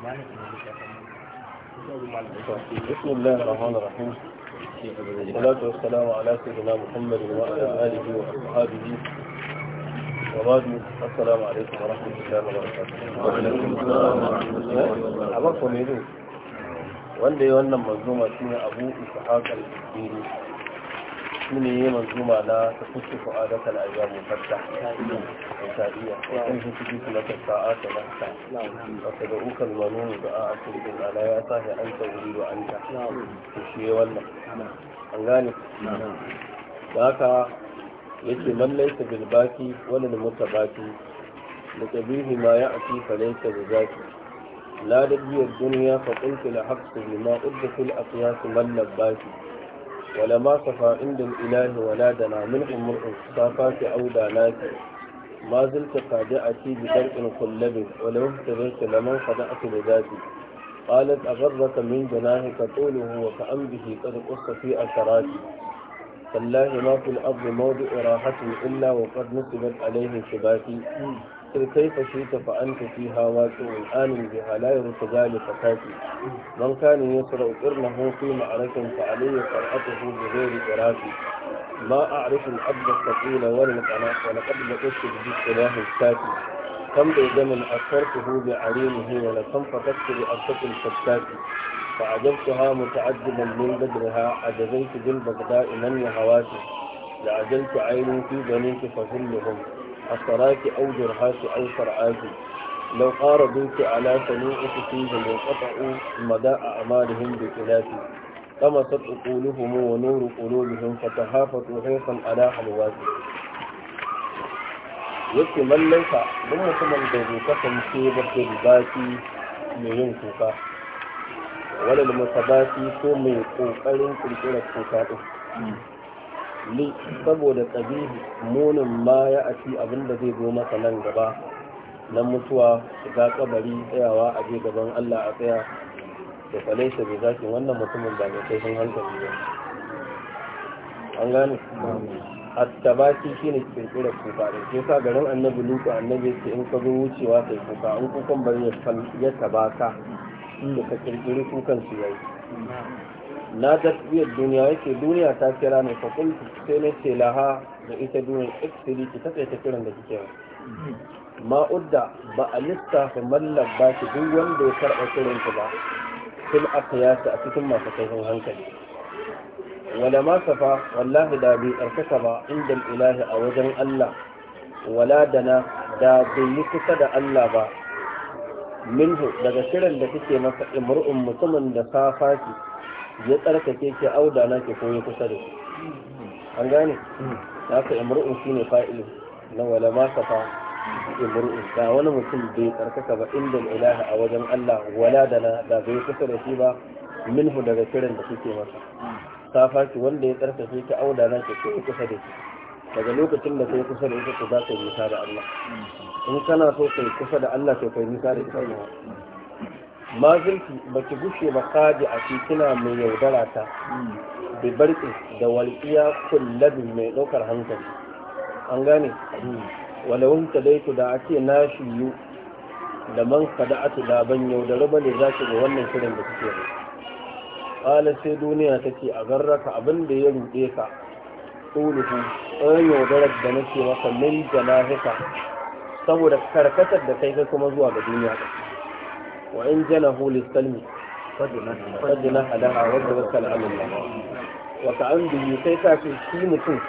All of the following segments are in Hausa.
بسم الله الرحمن الرحيم والصلاة والسلام على سيدنا محمد وعلى آله وأصحابه وبعد السلام عليكم ورحمة الله وبركاته وعليكم السلام ورحمة الله وبركاته أبقى ميدو وانده وانا منظومة اسمها أبو إسحاق الديني shi ne ya manzuma na ta kusa fu'adatar ayyamu fatta insa'iyya in su fi kuma ta sa'a ta nasta a ta da'ukan manuni da a asirin ala ya sa sahi an ta wuri da an ta ta shi wannan an gane da haka yake mallai ta bilbaki wani da mutu baki da ƙabihi ma ya ake falaita da zaki la da biyar duniya fa kuntu la haqsu bima udda fil aqyas wal labaki wala ma safa ilahi wala da na mulkin mulkin safa ki auda na ki ma zilta a ci bi darkin kullabin wala wata zilta laman kada aka da zafi qalat agarraka min janahi ka tuluhu wa ka amdihi kad qusta fi asrati wallahi ma fi al-ardi mawdi'u rahatin illa wa qad nusibat alayhi shibati كيف شئت فأنت فيها هواك والآن بها لا يرث ذلك كافي من كان يقرأ قرنه في معركة فعلي فرحته بغير كرافي ما أعرف الحب الثقيل ولا القناة ولقد لقشت بالسلاح الكافي كم بيدم أثرته بعريمه ولكم فتكت بأرثة الفتاك فعجبتها متعجبا من بدرها عجبت بالبغداء من هواتي لعجلت عيني في بنيك فظلهم a tsaraki audur hasu an fara'azi lau ƙara duki ala sani uku su yi da ƙafa u mada a amali hindu ilafi kama sa tsukuli humu wa nuru kuloli hin fata hafa tsohon ala halwasi yake mallon ka don mutumin da zai kasance ba ta zaki mai yin kuka wadda masabati ko mai ƙoƙarin kirkirar kuka din ne saboda ƙabihi munin ma ya a abin da zai zo masa nan gaba nan mutuwa shiga kabari tsayawa a je gaban Allah a tsaya da falaisa bai zaki wannan mutumin ba mai kaifin hankali ba an gane attabaki shine kirkirar kuka da ke sa garin annabi luka annabi ce in ka zo wucewa kai kuka in kukan bari ya tabaka to ka kirkiri kukan su yayi na tafiyar duniya yake duniya ta kira ne fa kul sai ne ce laha da ita duniya iksiri ki ta ta kiran da kike ma udda ba a lissafa mallab ba ki duk wanda ya karɓa kiran ki ba aka aqyasa a cikin masu kaifin hankali wala ma safa wallahi da bai tsarkaka ba inda ilahi a wajen Allah wala dana da bai yi kusa da Allah ba minhu daga kiran da kake masa imru'un mutumin da safa ki ya tsarkake ki auda na ki koyi kusa da shi an gane hmm. haka imru'un shine fa'ilin na wala ma safa imru'un da wani mutum bai tsarkaka ba inda ilaha a wajen Allah wala da na da bai kusa da shi ba minhu daga kiran da kake masa hmm. safa ki wanda ya tsarkake ki auda na ki koyi kusa da shi daga lokacin da kai kusa da ita ko za ka yi nisa da Allah in kana so kai kusa da Allah to kai nisa da ita ma zulfi ba ki gushe ba kaji a cikina kina mai yaudara ta bi barki da walƙiya kullabin mai ɗaukar hankali an gane walawun ta daitu da ake na shiyu da man kada'atu da ban yaudara ba ne za ki ga wannan shirin da kuke yi. ƙalar sai duniya ta ce a garraka abin da ya ruɗe ka quluhu an yaudarar da nake maka min janahika saboda karkatar da kai kuma zuwa ga duniya wa in janahu lisalmi fadina hadaha wadda wakal amalla wa ka an biyu sai ka ce shi mutum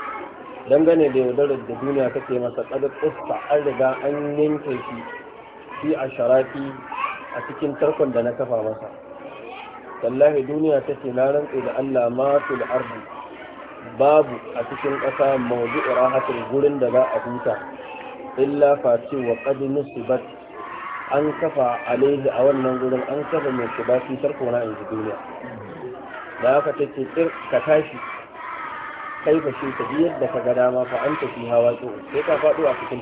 dangane da yaudarar da duniya kake masa kadar iska an riga an yanke shi shi a sharafi a cikin tarkon da na kafa masa wallahi duniya ta ce na rantse da Allah ma fil babu a cikin ƙasa mawdu'u rahatar gurin da za a huta illa face wa qad nusibat an kafa alaihi a wannan gurin an kafa mai shiga cutar kona in ji duniya da haka ta ce tsir ka tashi kai fa shi ta biyar da ka ga dama fa an tafi hawa tsoro sai ka faɗo a cikin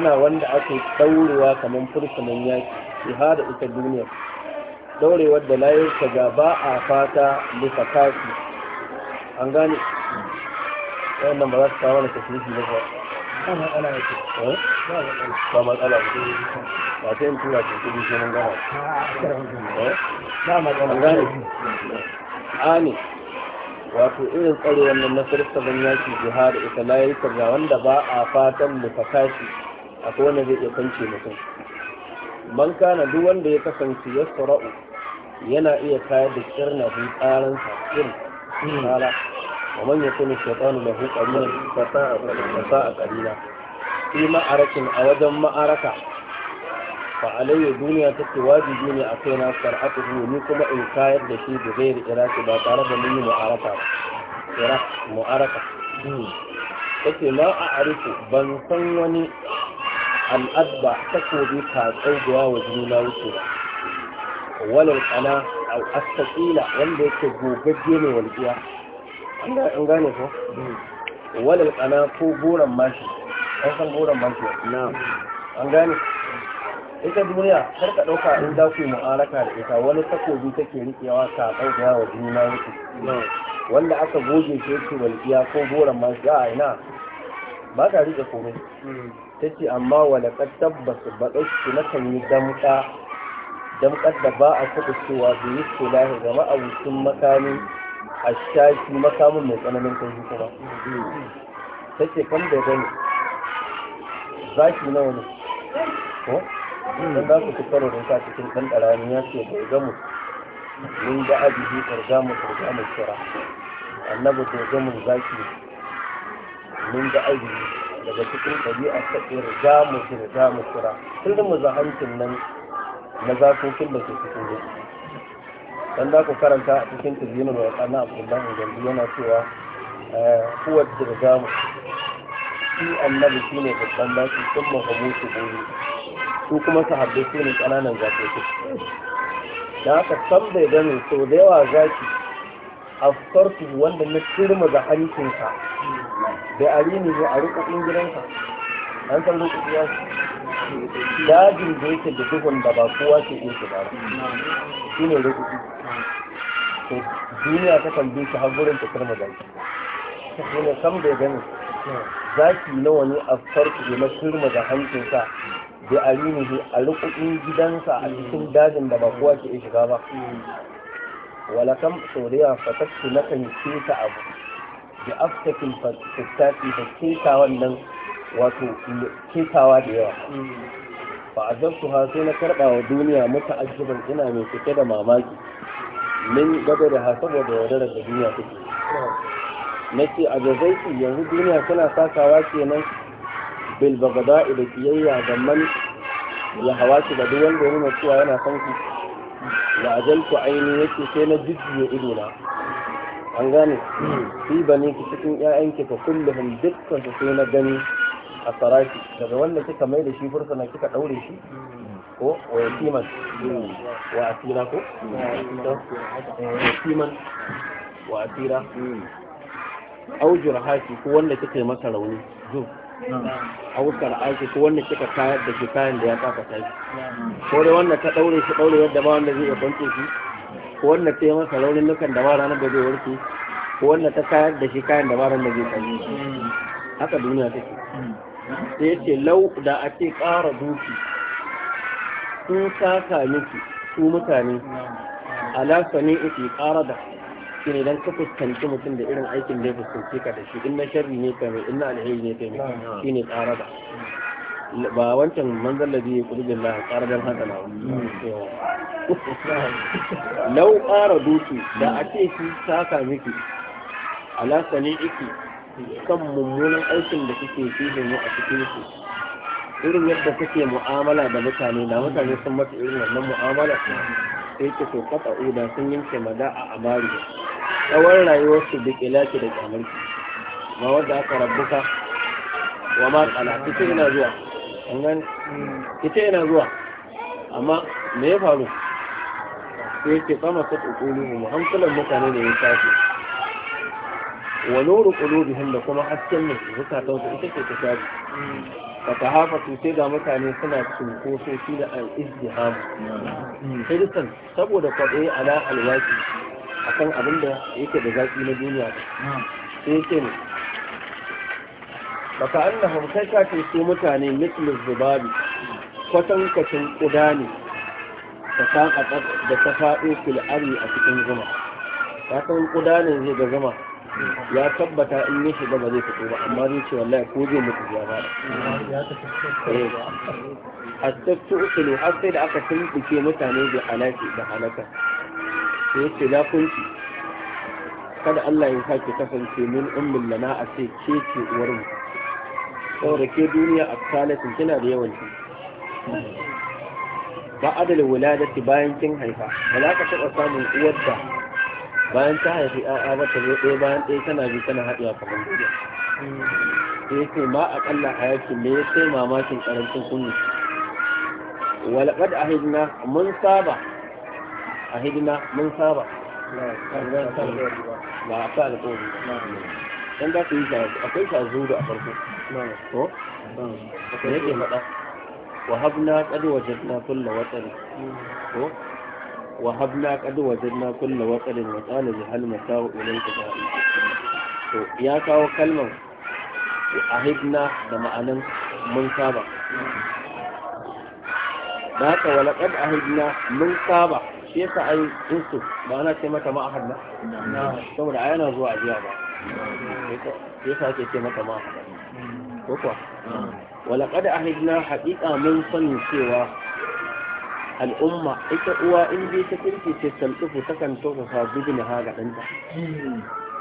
ta wanda ake ɗaurewa kamar fursunan yaki ihada ita duniyar daurewar da layarsa ga ba a fata bisa kafi an gane wannan ba za su kawo wani tasiriki ba eh? ba matsala ba eh? ba matsala ba ta yin tura ce kudi shi mun gama ba matsala gane ani wato irin tsaro wannan na firista ban yaki jihar ita layar ga wanda ba a fatan bisa kashi akwai wanda zai iya kwance mutum man kana duk wanda ya kasance ya sura'u yana iya kayar da kirna fi tsaran sa kin a wa man yakunu da lahu qarina fa a karina fi ma'arakin a wajen ma'araka fa alayya duniya take wajibi ne a kai na sar'atu ni kuma in kayar da shi da zai iraki ba tare da mun yi mu'araka iraq Ta ce ma a arifu ban san wani al'adba ta ka tsaugowa wa jini na wuce ba walal kana au astaqila wanda yake gogagge ne walƙiya an gane ko walal kana ko goran mashi an san goran mashi na an gane ita duniya kar ka ɗauka in za ku yi mu'araka da ita wani takobi take riƙewa ka ɗauka wa juna yake wanda aka goge shi yake walƙiya ko goran mashi a ina ba ta riƙe komai mm. ta ce amma walaƙar tabbas ba ɗauki na kan yi damƙa damƙar da ba a taɓa cewa bai yi sulahi ga ma'abucin makamin a shafi makamin mai tsananin kai kuma ta ce kan da gani zaki nawa ne ko da za ku fi da da cikin ɗan ɗarami ya ce bai gamu mun ga mu karga mu kira annabi bai gamu zaki mun ga ajiyi daga cikin ɗabi'a ta ƙirgamu mu kira kullum mu zahancin nan na zakokin da ke cikin zuciya dan da ku karanta a cikin tabbinin wa kana abdullahi gambi yana cewa eh, huwa dirgamu shi annabi shine babban zaki sun mahamu su gobe su kuma sahabbai su ne kananan zakokin da haka sam bai gani sau da yawa zaki afkartu wanda na kirma da hankinka. da arini ne a rika ingiransa an san lokaci ya dajin da yake da duhun da ba kowa ke iya shiga ba shi ne rukuki to duniya ta kan bi shi har gurin ta karma da shi ne sam da gani zaki nawa ne a farko na turma da hancinsa da alinihi a rukukin gidansa a cikin dajin da ba kowa ke iya shiga ba wala kam soriya fatattu na kan keta abu da aftakin fattaki da keta wannan wato kesawa da yawa mm. a azabtu ha sai na karɓa wa duniya mata ajiyar ina mai cike da mamaki min gaba da ha saboda yaudarar da duniya take na ce a jazaiki yanzu duniya tana sakawa kenan bil bagada da kiyayya da man ya hawa ki da duk wanda ya cewa yana son ki la ajaltu aini yake sai na jijjiye ido na an gane mm. fi bane ki cikin ƴaƴanki fa kulluhum dukkan su sai na gani a sarafi daga wanda kika mai da shi fursuna kika daure shi ko wa yatiman wa asira ko eh, yatiman wa asira au jurhaki ko wanda kika yi masa rauni zo au aiki ko wanda kika tayar da shi kayan da ya kafa tashi ko dai wanda ka daure shi daure yadda ba wanda zai iya kwance shi ko wanda ta yi masa raunin nukan da ba ranar da zai warke ko wanda ta tayar da shi kayan da ba ranar da zai kwance shi haka duniya take sai yace lau da ake ƙara duki sun saka miki su mutane ala sani iki ƙara da shi ne don ka fuskanci mutum da irin aikin da ya fuskanci ka da shi in na sharri ne ka mai in na alheri ne ka mai shi ne ƙara da ba wancan manzan da zai kudu billah ƙara don haka na lau ƙara duki da ake ce sun saka miki ala sani iki kan mummunan aikin da suke fi mu a cikin su irin yadda kake mu'amala da mutane da mutane sun mata irin wannan mu'amala sai ke so kasa uda sun yanke mada a amari tsawon rayuwar su da ilaki da kyamar ma wadda aka rabuka wa ma tsala kita yana zuwa an kice yana zuwa amma me ya faru sai ke sama sa tsokoli mu hankulan mutane da ya tashi wa nuru qulubihim da kuma hasken ne zukatan su ita ce ta shafi fa tahafatu sai ga mutane suna cinkoso shi da al-izdiham hirsan saboda kwaɗe ala alwaki akan abin da yake da zaki na duniya sai yake ne baka annahum kai ka ce su mutane mislu zubabi kwatan ƙuda ne ta da ta faɗo fil'ari a cikin zuma ta san ƙuda ne zai ga zama ya tabbata in ya shiga ba zai fito ba amma zai ce wallahi ko zai mutu ya ba astaftu usulu har sai da aka tumbuke mutane da halaki da halaka sai yace la kunci kada Allah ya sake kasance min ummin lana a ce ke ce uwar mu saboda ke duniya a kalatin kina da ki? ba adalin wuladati bayan kin haifa ba za ka taɓa samun uwar da bayan ta haifi a'a ba ta zo ɗaya bayan ɗaya tana bi tana haɗewa kamar gudiya sai ce ma a ƙalla a yaki me ya sai mamakin ƙarancin sunni walaƙad a hidina mun saba a hidina mun saba ba a sa alƙawari dan za su yi akwai da a farko to da yake faɗa wa habna qad wajadna kulla watan to na وهبنا قد وجدنا كل وقد وقال جهل متاع إليك to ya kawo kalmar ahidna da ma'anin mun saba da haka wala kad ahidna mun saba shi yasa ai insu ba ana ce mata ma na saboda ayana zuwa ajiya ba shi yasa ake ce mata ma ahadna ko kuwa wala kad ahidna haqiqa mun sani cewa al'umma ita uwa in dai ta kirki ce tantufu ta kan tausasa bibin ha ga ɗanta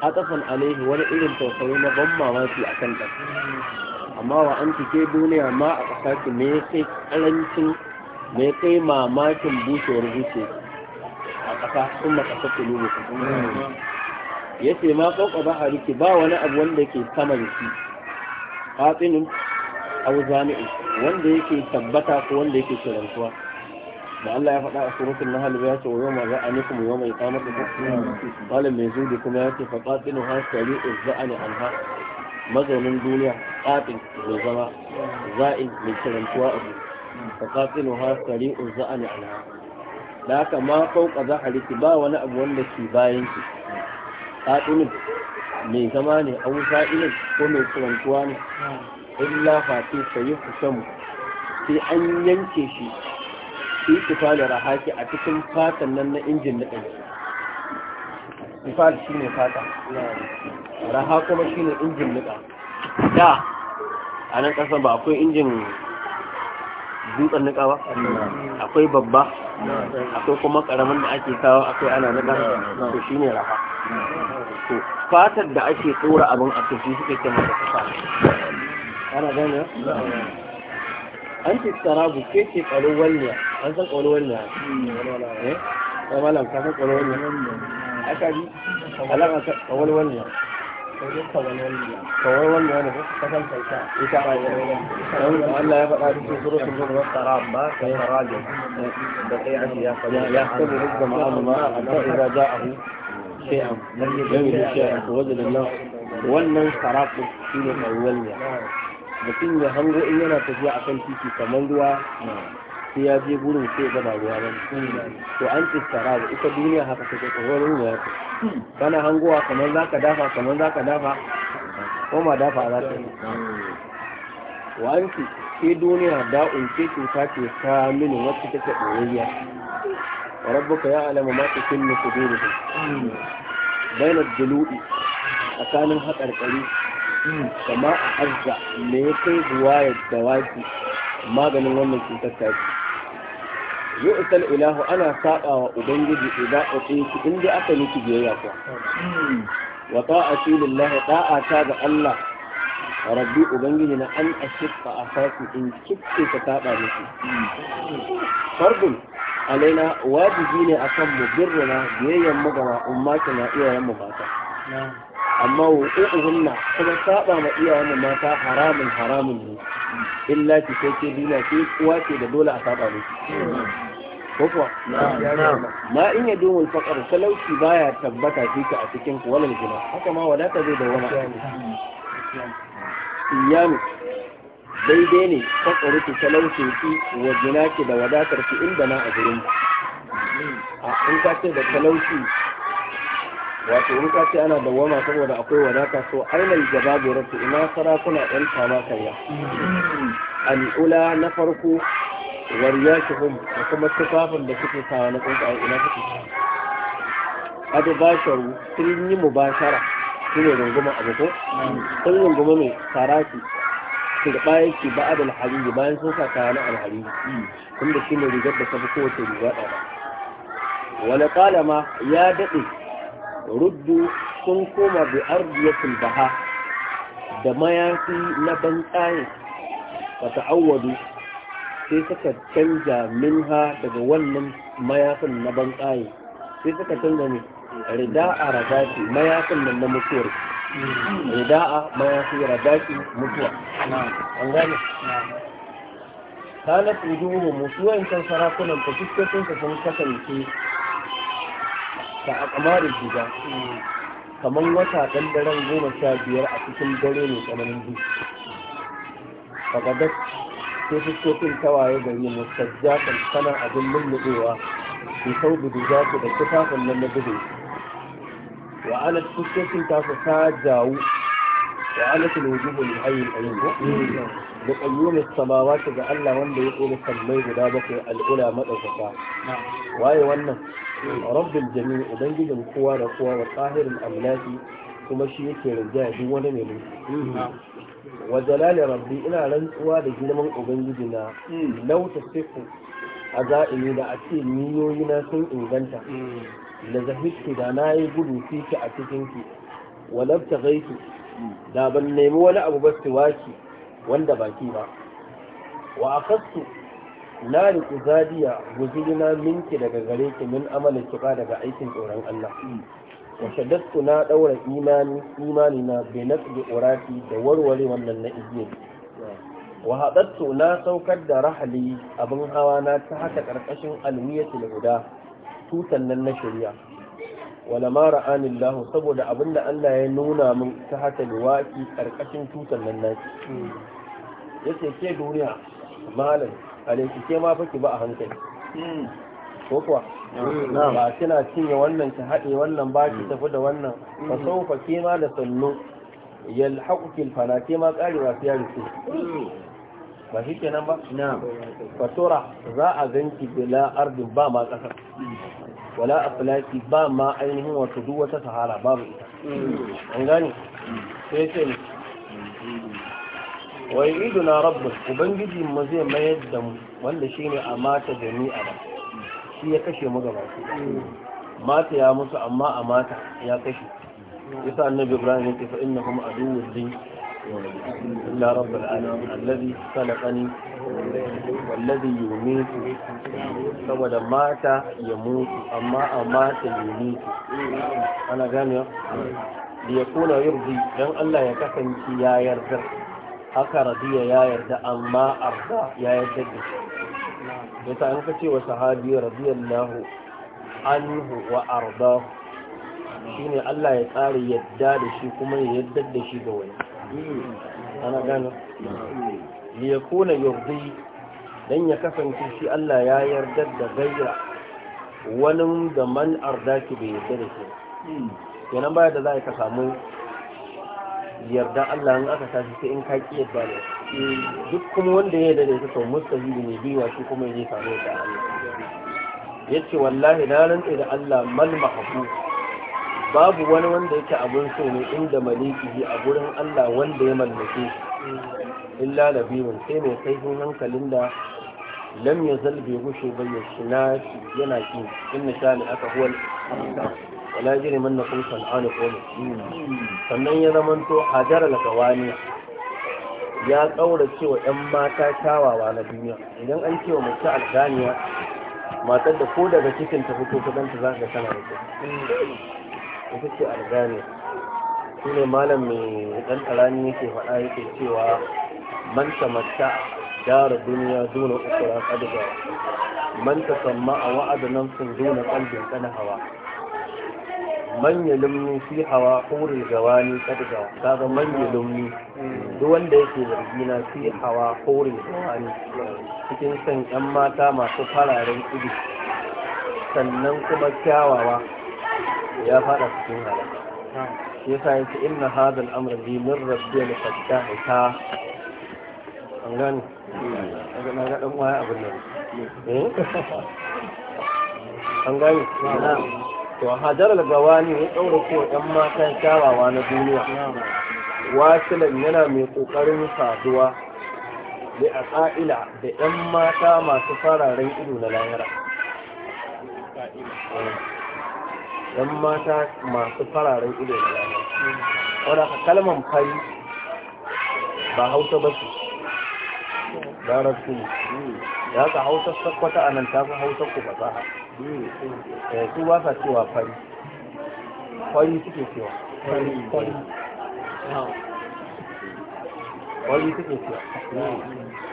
atafan alaihi wani irin tausayi na ban mamaki a kan ɗan amma wa an cike duniya ma a ƙasashe me kai ƙarancin me kai mamakin bushewar zuciya a ƙasa sun makasar kulubu ya ce ma ƙauƙa ba a riki, ba wani abu wanda ke saman shi fatsinin abu wanda yake tabbata ko wanda yake shirantuwa da Allah ya faɗa a suratul nahl ya ce wa yawma za'anikum yawma iqamati qala mai zudi kuma ya ce fa qatilu hasari izza'ani anha mazaunin duniya qatil mai zama za'in mai kirantuwa abu fa za a izza'ani alha. da haka ma fauka zahariki ba wani abu wanda ke bayan ki qatilun mai zama ne a abu sa'ilin ko mai kirantuwa ne illa fa sai sayi kusamu sai an yanke shi fi tufali rahaki a cikin fatan nan na injin na ɗanki tufali shi ne fata raha kuma shi ne injin niƙa. da a nan ƙasa ba akwai injin dutsen nika ba akwai babba akwai kuma ƙaramin da ake kawo akwai ana nika to shi ne raha fatar da ake tsora abin a tafi suke kama da kusa ana gane an ce sarabu ke ce an san hmm. eh ya malam ka san aka ji alama ne ka san kaita ita ba ya Allah ya faɗa zuwa ba kai da kai ya faɗa ya sabu a kan idza ja'ahu shay'an lam yajid shay'an wajada wannan mutum ya hango in yana tafiya a kan titi kamar ruwa sai ya je gurin sai ya ba ruwa ba to an tsara da ita duniya haka ta ke tsoron ruwa kana hangowa kamar za ka dafa kamar za ka dafa ko ma dafa za ka yi wa an ce ke duniya da'un ke cuta ce ta mini wacce take ɗoriya wa rabbuka ya alama ma ta kinni su dole bayan julu'i tsakanin haƙarƙari kama a azza me ya kai ruwayar dawaki maganin wannan cutar tashi yu'tal ilahu ana saba wa ubangiji idan uqiti in dai aka miki biyayya ko wa ta'ati lillahi ta'ata ga Allah rabbi ubangiji na an ashqa asaki in kike ka saba miki fardun alaina wajibi ne akan mu birruna biyayyan mu ga ummatina iyayen mu mata amma na kuma saba ma wani mata haramun haramun ne in lafi sai ke dina ke kuwa ce da dole a saba ne Kofa, ma in ya domin fakar talauci baya tabbata ka a cikin ku gina haka ma wadata zai wani. iyami daidai ne fakari ki talauce ki wa gina ki da wadatar ki inda na a gurin a in ka ce da talauci wato in ka ce ana dawwama saboda akwai wadata so ainal jababiratu ina sarakuna ɗan kama kanya al'ula na farko wariyakihum da kuma tufafin da suke sawa na tsuntsaye ina suke ado basharu sun yi mubashara su ne runguma abu ko sun runguma mai saraki kirɓa yake ba adal hariri bayan sun sa kaya na alhariri tunda shi ne rigar da ta fi kowace da ba. wani kalama ya daɗe ruddu sun koma bi ardiyatul baha da mayafi na banƙaye ba auwadu sai suka canja ha daga wannan mayafin na banƙaye sai suka canja ne rida'a ragaci mayafin nan na mutuwar rida'a mayafi radaki mutuwa an gane kanat wujuhu musuwan kan sarakunan fa sun kasance ka a kamarin shiga kamar wata ɗan daren goma sha biyar a cikin dare mai tsananin duk daga dak sai fuskokin tawaye gari jakar tana abin lullubewa ke sau budu za da kusa sannan na gudu wa'anar fuskokin ta su ta jawo wa alatul wujubu li hayy al qayyum da qayyum as samawat ga Allah wanda ya kore sallai guda bakwai al ula madaukaka waye wannan rabbul jami' ubangijin kowa da kowa wa qahirul amlaki kuma shi yake rinja duk wani ne wa jalali rabbi ina rantsuwa da girman ubangijina law tasifu azaimi da ake niyoyi na sun inganta da zahiski da na yi gudu fi a cikin ki wa labta gaiki da ban nemi wani abu ba su waki wanda baki ba wa kasu na riƙi zadiya na minki daga gare ki min amalin kiba daga aikin tsoron Allah wa shaddattu na ɗaura imani imani na bai nasu da warware wannan na izini wa haɗattu na saukar da rahali abin hawa na ta haka ƙarƙashin alwiyatul guda tutan nan na shari'a wala ma ra'anin saboda abinda Allah ya nuna min ta haka luwaki, karkashin tutan nan naki yace ke duniya malam alaiki ke ma faki ba a hankali ko kuwa ba kina cinye wannan ki haɗe wannan ba ki tafi da wannan fa mm. ke ma da sannu yalhaquki alfana ke ma karewa sai yari rufe ba shi nan ba fatura za a ganki bila ardin ba ma kasar wala aflaki ba ma ainihin wato duk wata sahara babu ita an gane sai ce wai idu na rabbul ubangiji mu zai mayar da mu wanda ne a mata da ni a shi ya kashe mu gaba mata ya musu amma a mata ya kashe yasa annabi ibrahim ya ce fa innahum aduwwun lin إلا رب العالمين الذي خلقني والذي يميت سوى مات يموت أما أمات يميت أنا غني ليكون يرضي لأن الله يكفن يا يرضى haka radiya ya yarda amma arda ya yarda da shi ya ta an kace wa sahabi shine Allah ya tsare yadda da shi kuma ya yarda da shi ga wani ana gano ya kuna yardi dan ya kasance shi Allah ya yarda da gaira wani da man ardaki bai yarda da shi kenan baya da za ka samu yarda Allah in aka tashi sai in ka ki yarda da duk kuma wanda ya yarda da shi to mustahili ne biwa shi kuma ya samu da Allah yace wallahi na rantsa da Allah mal mahfu babu wani wanda yake abin so ne inda maliki a gurin Allah wanda ya mallake shi illa labibin sai mai saifin hankalin da lam ya zalbe gushe bayan shi na yana ki sha ne aka huwa wala jiri manna kun san'anu kone sannan ya zamanto hajar al-gawani ya kaura cewa yan mata kyawawa na duniya idan an cewa mace alganiya matar da ko daga cikin ta fito kudanta za ka tana da ita ce argani shi ne malam mai dan karani yake faɗa yake cewa manta tamatta gara duniya duna ukura kadiga manta ta a wa'adu nan sun duna kalbin hawa man lumni fi hawa kuri gawa kadiga kaga man lumni duk wanda yake zargi na fi hawa kuri gawa cikin san yan mata masu fararen idi sannan kuma kyawawa ya fada cikin halaka shi yasa yake inna hada al bi min rabbi la fattaha an gani daga ga dan waya abin nan eh? an gani to hajar al-gawani ya daura ko ɗan matan kyawawa na duniya wasilan yana mai kokarin saduwa da a ƙa'ila da 'yan mata masu fararen ido na lahira yan mata masu fararen ido da rana wadda ka kalman fari ba hausa ba su larabci su Ya ka hausa sakwata a nan ta fi hausa ku ba za a su ba sa cewa fari fari suke cewa fari wani suke cewa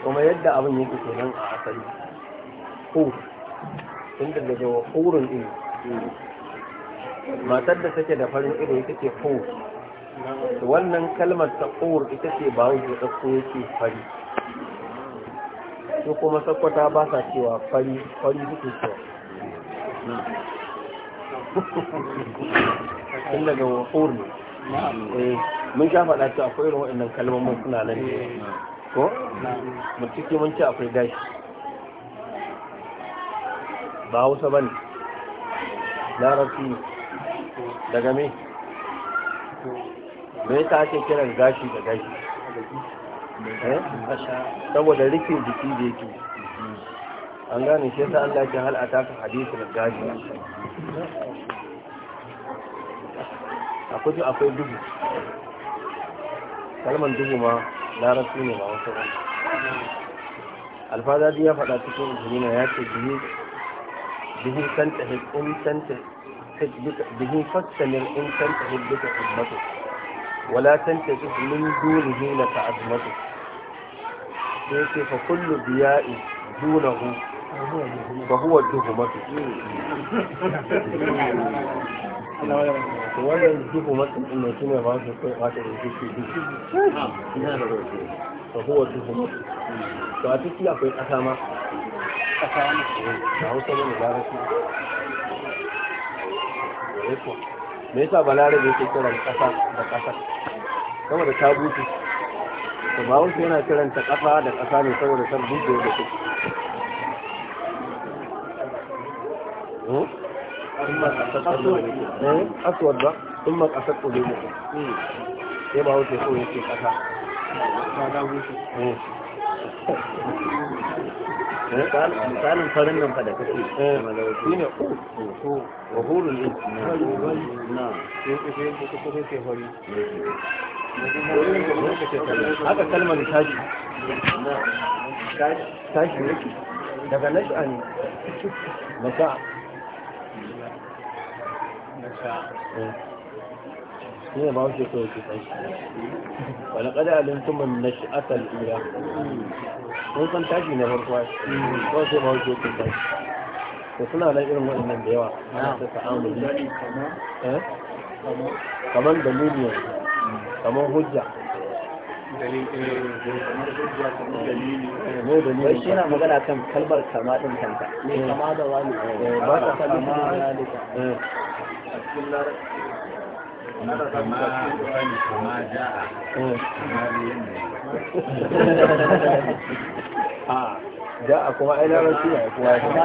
kuma yadda abin yake kenan a asali ko tun daga jawa horon ɗin matar da take da farin ido ita ce ko. wannan kalmar ta fawur ita ce ba wuce ko yake fari su kuma sakwata ba sa cewa fari fari suke cewa tun daga wahur ne eh, mun sha faɗa cewa akwai irin waɗannan mun suna nan ne eh. ko mun cike mun ce akwai gashi ba wasa ba ne larabci ne daga me me ta ake kiran gashi da gashi eh? saboda rikin jiki da yake an gane shi yasa Allah ke hal ataka hadithul gashi akwai akwai dubu kalman dubu ma larabci ne ba wasu alfada ya faɗa cikin jimina ya ce dubu dubu santa hikun santa تحبك به فاستمر إن تنتهي بك حبته ولا تنتهي من دونه لك عظمته فكل ضياء دونه فهو تهمته wannan duhu matsin mai shi ne ba su kai ba ta rufe shi ta huwa duhu matsin to a ciki akwai ƙasa ma ƙasa ma ta hausa ne da zarafi me yasa balarabe yake kiran kasa da kasa saboda ta buce to ba wasu yana kiranta kasa da kasa ne saboda san buce da su hmm? eh, aswad ba sun ma kasar kule mu sai ba wasu yake kasa misalin farin nan fada eh, kake shi ne ko wa hurul in na haka kalmar tashi tashi yake daga nasha ne nasha nasha eh. ne ba shi ko yake kai wala qad alimtum an nash'ata san tashi na farko ko sai ba suna nan irin waɗannan da yawa ana ta ta'amuli kamar da miliyan kamar hujja eh, wai shi na magana kan kalmar kama ɗin kanta ne eh. kama da wani eh, ba ta kama da a ja'a kuma ai larabci ne kuma ya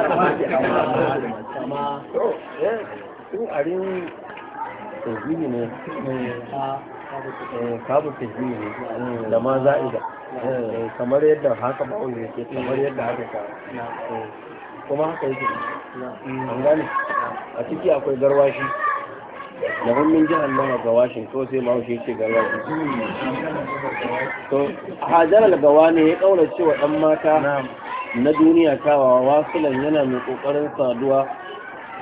kuma tun arin tajiri ne kabu tajiri ne da ma za'ida kamar yadda haka ba'ul yake kamar yadda haka ka kuma haka yake an gane a ciki akwai garwashi da hannun jihar nama ga washington sai ma shi ce gawashi to hajar gawa ne ya kaura cewa dan mata na duniya kawa wasulan yana mai kokarin saduwa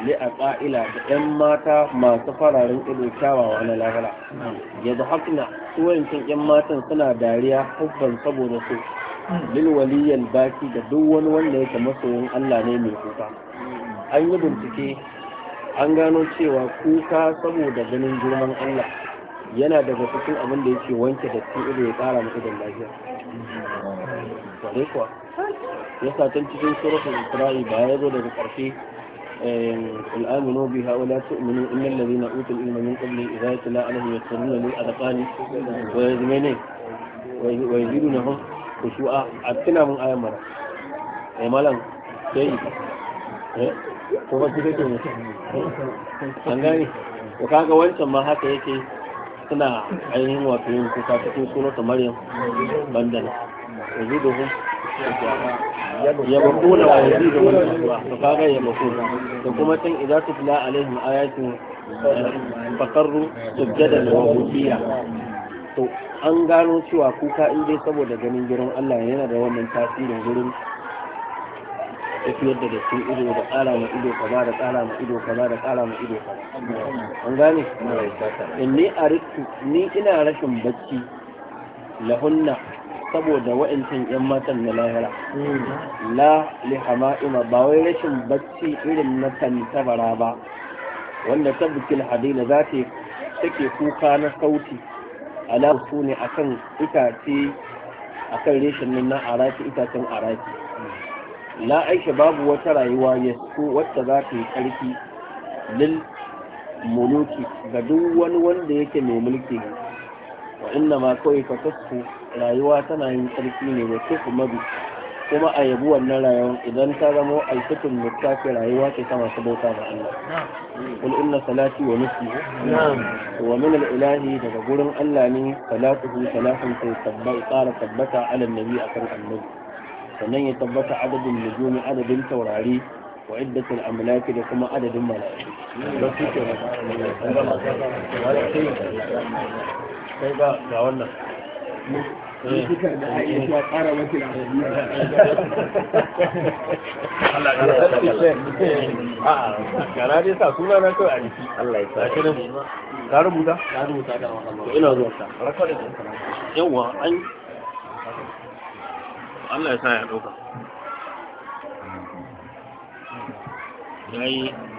li a ƙa'ila da 'yan mata masu fararen ido kyawawa na lahira yanzu hakna suwancin 'yan matan suna dariya hubban saboda su lil waliyan baki da duk wani wanda yake masoyin Allah ne mai kuka an yi bincike an gano cewa kuka saboda ganin girman Allah yana daga cikin abin da yake wanke da cikin ido ya tsara masu da lafiya wale ya satan cikin suratul isra'i ba ya zo daga ƙarshe قل آمنوا بها ولا تؤمنوا إن الذين أوتوا العلم من قبل إذا يتلى عليهم يذكرون للأذقان ويزمنه ويزيدونهم خشوعا أتنا من آية مرة يا مالك كيف ko ba su kake mutu an gani to kaga wancan ma haka yake suna ainihin wato yin kuka cikin sunata maryam bandana yanzu da Ya yaba kula wa yanzu da wani kasuwa to kaga ya kula da kuma can idza tutla alaihim ayatu eh, faqarru sujjadan wa bukiya to an gano cewa kuka in dai saboda ganin girin Allah yana da wannan tasirin gurin tafiyar da su ido da tsara ma ido kaza da tsara ma ido kaza da tsara ma ido kaza an gane a arittu ni ina rashin bacci lahunna saboda wa'ancan yan matan na lahira la li hama'ima ba wai rashin bacci irin na tantabara ba wanda tabbikil hadila za ta take kuka na sauti ala su ne akan itace akan reshen nan na araki itacen araki la aisha babu wata rayuwa ya so wacce za ta yi ƙarfi lil muluki ga duk wani wanda yake mai mulki wa inna ma kawai ka rayuwa tana yin ƙarfi ne wa kifu mabi kuma a yabi wannan rayuwa idan ta zama alfitun mutafi rayuwa ke sama su bauta ga Allah kul inna salati wa nusuki wa min al-ilahi daga gurin Allah ne salatuhu salatun sai tabbata ala nabi akan annabi sannan ya tabbata adadin nujumi adadin taurari wa iddatul amlaki da kuma adadin mala'iku ga ga wannan eh. ah, a yawa an Allah ya sa ya ɗauka. Ya yi